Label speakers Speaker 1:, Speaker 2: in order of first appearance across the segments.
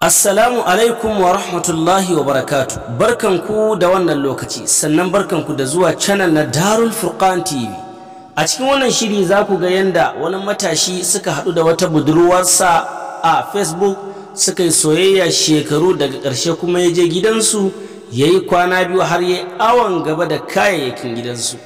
Speaker 1: Assalamu alaikum wa rahmatullahi wa barakatu barkanku da wannan lokaci sannan barkanku da zuwa channel na Darul Furqan TV a cikin wannan shiri za ku ga yanda wani matashi suka haɗu da wata budurwarsa a Facebook suka yi soyayya shekaru daga ƙarshe kuma ya je gidansu ya yi kwana biyu har ya awon gaba da kayayyakin gidansu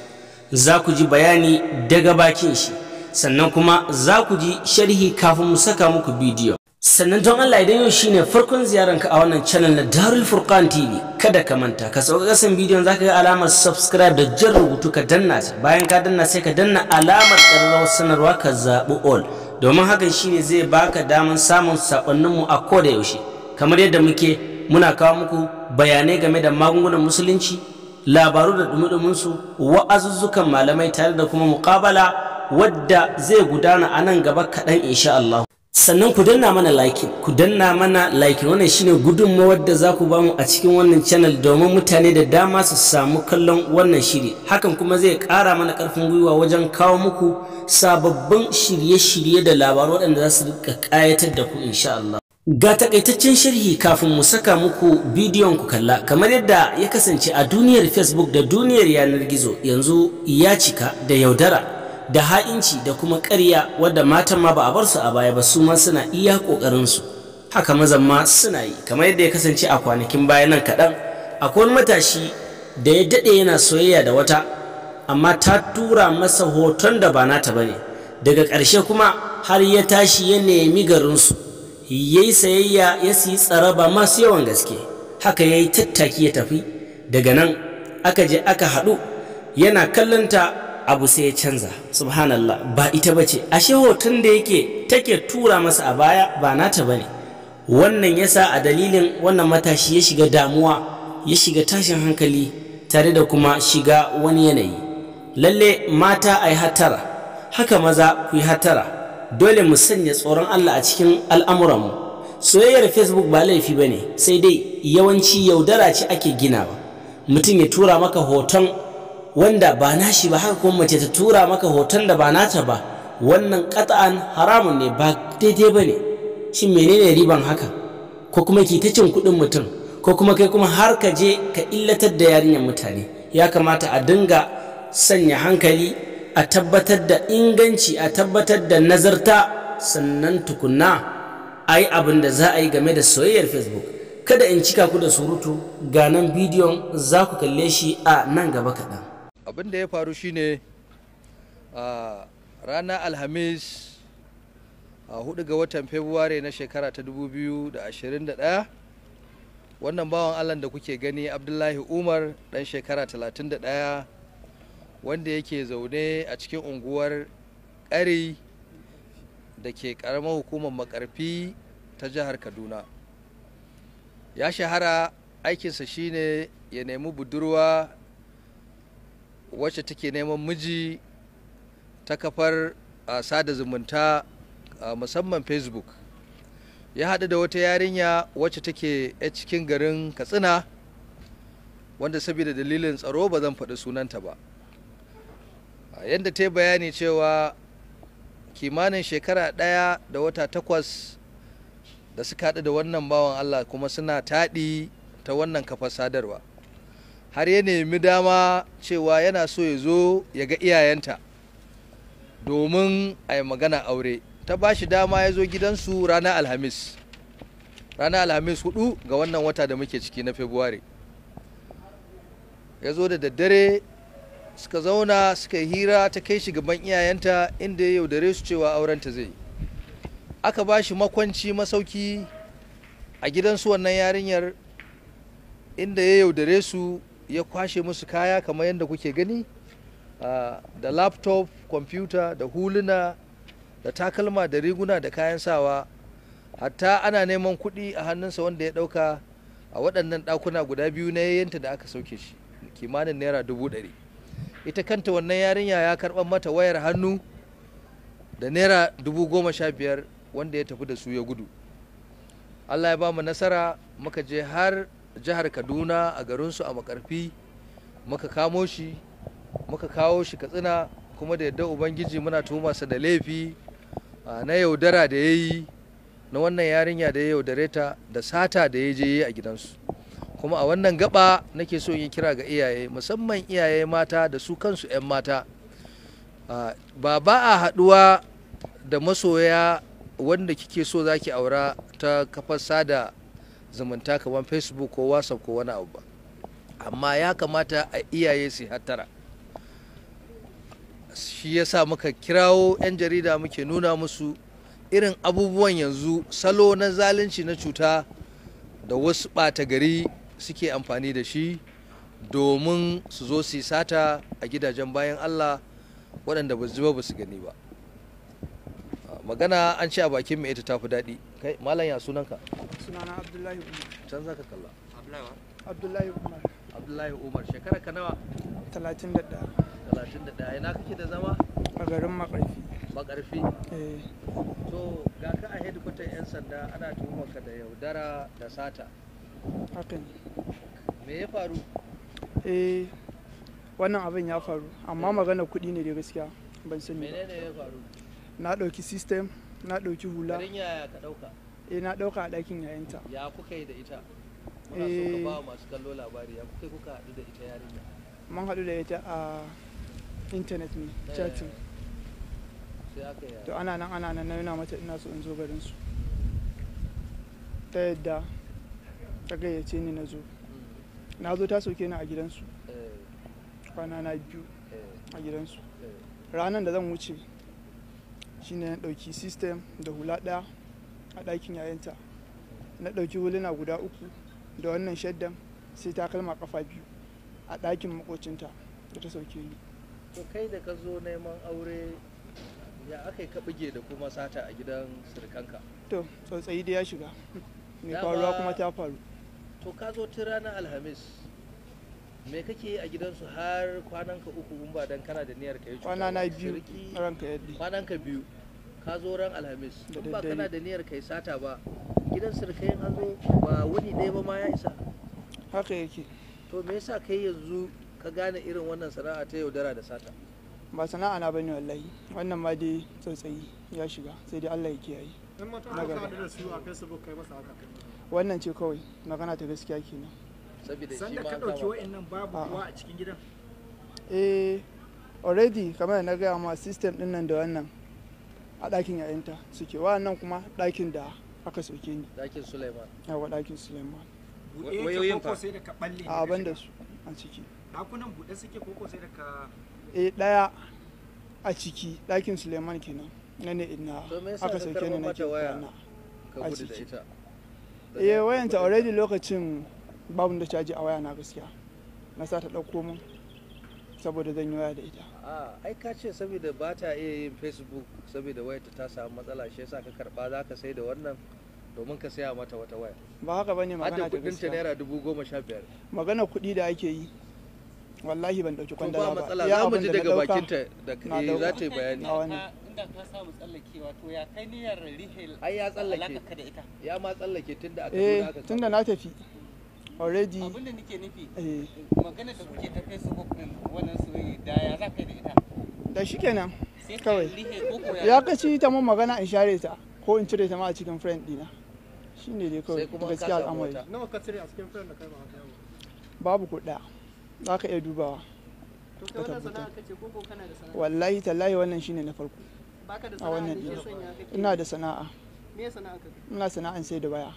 Speaker 1: za ku ji bayani daga bakin shi sannan kuma za ku ji sharhi kafin mu saka muku bidiyo sannan don Allah idan yau shine farkon ziyararka a wannan channel na Darul Furqan TV kada ka manta ka sauka kasan bidiyon zaka ga alamar subscribe da jan rubutu ka danna ta bayan ka danna sai ka danna alamar ƙararrawar sanarwa ka zaɓi all domin hakan shine zai baka damar samun sakonninmu a koda yaushe kamar yadda muke muna kawo muku bayanai game da magungunan musulunci labaru da dumudumin su wa'azuzzukan malamai tare da kuma muqabala wadda zai gudana a nan gaba kaɗan insha Allah sannan ku danna mana like ku danna mana like wannan shine gudunmawar da za ku bamu a cikin wannan channel domin mutane da dama su samu kallon wannan shiri hakan kuma zai ƙara mana karfin gwiwa wajen kawo muku sababbin shirye-shirye da labaru waɗanda za su rika kayatar da ku insha Allah ga takaitaccen sharhi kafin mu saka muku bidiyon ku kalla kamar yadda ya kasance a duniyar Facebook da duniyar yanar gizo yanzu ya cika da yaudara da ha'inci da kuma ƙarya wadda matan ma ba a bar su a baya ba su ma suna iya ƙoƙarin su haka mazan ma suna yi kamar yadda ya kasance a kwanakin baya nan kaɗan akwai matashi da ya daɗe yana soyayya da wata amma ta tura masa hoton da ba nata ba ne daga ƙarshe kuma har ya tashi ya nemi garinsu ya yi sayayya ya siyi tsaraba masu yawan gaske haka ya yi tattaki ya tafi daga nan aka je aka haɗu yana kallonta abu sai ya canza subhanallah ba ita ba ce ashe hoton da yake take tura masa a baya ba nata ba ne wannan ya sa a dalilin wannan matashi ya shiga damuwa ya shiga tashin hankali tare da kuma shiga wani yanayi lalle mata a yi hatara haka maza ku yi hatara dole mu sanya tsoron Allah a cikin al'amuranmu soyayyar facebook ba laifi ba ne sai dai yawanci yaudara ce ake ginawa mutum ya tura maka hoton wanda ba nashi ba haka kuma mace ta tura maka hoton da ba nata ba wannan qat'an haramun ne ba daidai bane shin menene riban haka ko kuma ki ta cin kuɗin mutum ko kuma kai kuma har ka je ka illatar da yarinyar mutane ya kamata a dinga sanya hankali a tabbatar da inganci a tabbatar da nazarta sannan tukunna a yi abin da za a yi game da soyayyar facebook kada in cika ku da surutu ga nan bidiyon za ku kalle shi a nan gaba kaɗan
Speaker 2: abin da ya faru shine a ranar alhamis a hudu ga watan february na shekara ta 2021 wannan bawan allah da kuke gani abdullahi umar dan shekara 31 wanda yake zaune a cikin unguwar ƙari da ke ƙaramar hukumar makarfi ta jihar kaduna ya shahara aikinsa shine ya nemi budurwa wacce take neman miji ta kafar a ah, sada zumunta a ah, musamman facebook ya haɗu da wata yarinya wacce take a cikin garin katsina wanda saboda dalilin tsaro ba zan faɗi sunanta ba ah, yadda ta bayani cewa kimanin shekara ɗaya da wata takwas da suka haɗu da wannan bawan allah kuma suna taɗi ta wannan kafar sadarwa har ya nemi dama cewa yana so ya zo ya ga iyayenta domin a yi magana aure ta ba shi dama ya zo gidansu ranar alhamis ranar alhamis hudu ga wannan wata da muke ciki na february ya zo da daddare suka zauna suka yi hira ta kai shi gaban iyayenta inda ya yaudare su cewa aurenta zai aka ba shi makwanci masauki a gidansu wannan yarinyar inda ya yaudare su ya kwashe musu kaya kamar yadda kuke gani da laptop kwamfuta da huluna da takalma da riguna da kayan sawa hatta ana neman kuɗi a hannunsa wanda ya ɗauka a waɗannan ɗakuna guda biyu na yayyanta da aka sauke shi kimanin naira dubu ɗari ita kanta wannan yarinya ya karɓar mata wayar hannu da naira dubu goma sha biyar wanda ya tafi da su ya gudu allah ya ba mu nasara muka je har jihar kaduna a garinsu a makarfi muka kamo shi muka kawo shi katsina kuma da yadda ubangiji muna tuhumarsa da laifi na yaudara da ya yi na wannan yarinya da ya yaudare ta da sata da ya je a gidansu kuma a wannan gaba nake so yi kira ga iyaye musamman iyaye mata da su kansu 'yan mata ba ba a haɗuwa da masoya wanda kike so zaki aura ta kafar sada zumunta kamar facebook ko whatsapp ko wani abu ba amma ya kamata a iyaye su hattara shi ya sa muka kirawo 'yan jarida muke nuna musu irin abubuwan yanzu salo na zalunci na cuta da wasu ɓata gari suke amfani da shi domin su zo su sata a gidajen bayan allah waɗanda ba zuba ba su gani ba magana an ce a bakin mai ita tafi daɗi kai malam ya sunanka sunana abdullahi umar can zaka kalla abdullahi umar abdullahi umar shekara ka nawa 31 31 ina kake da zama a garin makarfi makarfi eh to ga ka a headquarter yan sanda ana tuhumar ka da yaudara da sata haka ne me ya faru
Speaker 3: eh wannan abin ya faru amma eh. magana kuɗi ne da gaskiya ban sani ba menene ya faru na ɗauki system na ɗauki hula eh na ɗauka a ɗakin yayanta
Speaker 2: ya kuka yi da ita
Speaker 3: kuna so ka eh. ba
Speaker 2: masu kallo labari ya kuka kuka haɗu da ita yarinya
Speaker 3: mun haɗu da ita a intanet ne eh. chatting to ana nan ana nan na nuna mata ina so in zo garin su ta yadda ta gayyace ni na zo mm. na zo ta sauke ni a gidansu eh. kwana na biyu a gidansu ranar da zan wuce shine na ɗauki system da hula ɗaya a ɗakin yayanta na ɗauki huluna guda uku da wannan shaddan sai takalma kafa biyu a ɗakin makocinta da ta sauke ni
Speaker 2: to kai da ka zo neman aure ya aka yi ka da kuma sata a gidan sirkanka
Speaker 3: to tsautsayi da ya shiga mai faruwa kuma ta faru
Speaker 2: to ka zo tun ranar alhamis me kake yi a gidansu har kwanan ka uku in ba dan kana da niyyar ka yi kwana na biyu ranka yaddi kwanan ka biyu ka zo ran alhamis in ba kana da niyyar ka yi sata ba gidan sirkayin an zo ba wani ɗaya ba ma ya isa haka yake to me yasa kai yanzu ka gane irin wannan sana'a ta yaudara da sata
Speaker 3: ba sana'a na bane wallahi wannan ma dai tsotsayi ya shiga sai dai Allah ya kiyaye
Speaker 2: dan mutum da su a Facebook kai masa haka
Speaker 3: wannan ce kawai magana ta gaskiya kenan
Speaker 2: sanda ka ɗauki wa'annan babu ruwa a cikin gidan
Speaker 3: eh already kamar na gaya ma system din nan da wannan a ɗakin yayinta suke wannan kuma ɗakin da aka soke ni
Speaker 2: dakin suleiman
Speaker 3: yawa ɗakin suleiman wayoyin fa sai da ka
Speaker 2: balle a ban da
Speaker 3: su a ciki
Speaker 2: dakunan bude suke koko sai da ka
Speaker 3: eh ɗaya a ciki ɗakin suleiman kenan na ne ina aka sauke ni na ke gudu a ciki eh wayanta already lokacin babu da caji a waya na gaskiya na sa ta ɗauko min saboda zan yi waya da ita
Speaker 2: ai ka ce saboda ba ta iya yin facebook saboda wayarta ta samu matsala shi yasa ka karba za ka sai da wannan domin ka saya mata wata
Speaker 3: waya ba haka bane magana da ta naira dubu goma sha biyar magana kuɗi da ake yi wallahi ban dauki kwanda ba matsala za mu ji daga ta da kai za ta yi bayani inda
Speaker 2: ka samu tsallakewa to ya kai niyyar rihel ai ya tsallake ya ma tsallake tunda
Speaker 3: aka zo eh, aka tunda na tafi already abinda nake nufi eh. magana da kuke ta wannan soyayya da ya za da ita
Speaker 1: da shi kawai ya ka
Speaker 3: ta mun magana in share ta ko in cire ta ma a cikin friend dina da kai iya dubawa wallahi tallahi wannan shine na farko
Speaker 1: a wannan dina ina da sana'a
Speaker 3: ina sana'a sai da baya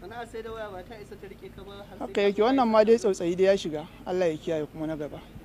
Speaker 2: sana'a sai da waya ba ta isa ta rike ka ba har sai yake
Speaker 3: wannan ma dai tsautsayi da ya shiga Allah ya kiyaye kuma na gaba